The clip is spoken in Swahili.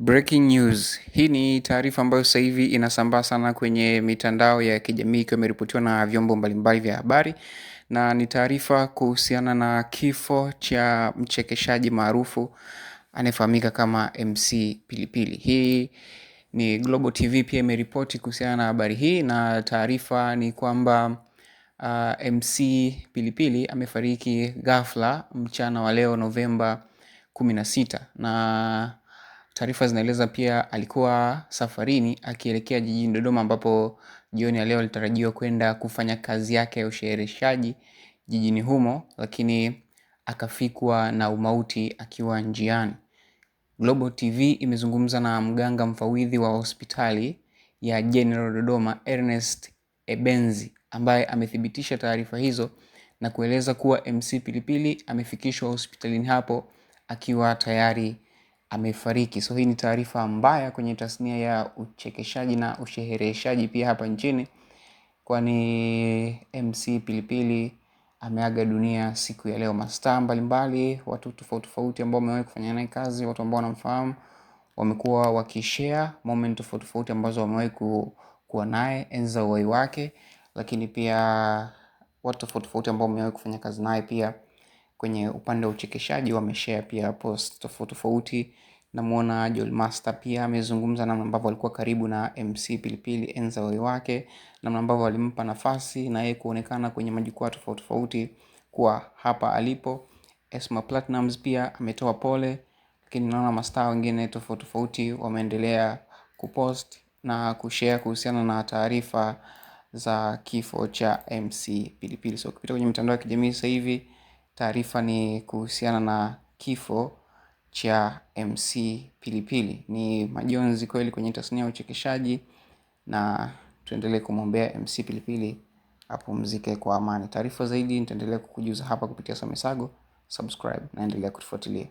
Breaking news. Hii ni taarifa ambayo sasa hivi inasambaa sana kwenye mitandao ya kijamii ikiwa imeripotiwa na vyombo mbalimbali vya habari na ni taarifa kuhusiana na kifo cha mchekeshaji maarufu anayefahamika kama MC Pilipili. Hii ni Global TV pia imeripoti kuhusiana na habari hii na taarifa ni kwamba uh, MC Pilipili amefariki ghafla mchana wa leo Novemba 16 na Taarifa zinaeleza pia alikuwa safarini akielekea jijini Dodoma ambapo jioni ya leo alitarajiwa kwenda kufanya kazi yake ya ushehereshaji jijini humo, lakini akafikwa na umauti akiwa njiani. Global TV imezungumza na mganga mfawidhi wa hospitali ya General Dodoma, Ernest Ebenzi, ambaye amethibitisha taarifa hizo na kueleza kuwa MC Pilipili amefikishwa hospitalini hapo akiwa tayari amefariki. So hii ni taarifa mbaya kwenye tasnia ya uchekeshaji na ushehereshaji pia hapa nchini, kwani MC Pilipili ameaga dunia siku ya leo. Mastaa mbalimbali, watu tofauti tofauti ambao wamewahi kufanya naye kazi, watu ambao wanamfahamu wamekuwa wakishare moment tofauti tofauti ambazo wamewahi ku, kuwa naye enzi za uhai wake, lakini pia watu tofauti tofauti ambao wamewahi kufanya kazi naye pia kwenye upande wa uchekeshaji wameshare pia post tofauti tofauti. Namuona Joel Master pia amezungumza namna ambavyo alikuwa karibu na MC Pilipili enza wake, namna ambavyo alimpa nafasi na yeye kuonekana kwenye majukwaa tofauti tofauti kuwa hapa alipo. Esma Platinumz pia ametoa pole, lakini naona mastaa wengine tofauti tofauti wameendelea kupost na kushare kuhusiana na taarifa za kifo cha MC Pilipili. So ukipita kwenye mitandao ya kijamii sasa hivi Taarifa ni kuhusiana na kifo cha MC Pilipili. Ni majonzi kweli kwenye tasnia ya uchekeshaji, na tuendelee kumwombea MC Pilipili apumzike kwa amani. Taarifa zaidi nitaendelea kukujuza hapa kupitia Samisago. Subscribe na endelea kutufuatilia.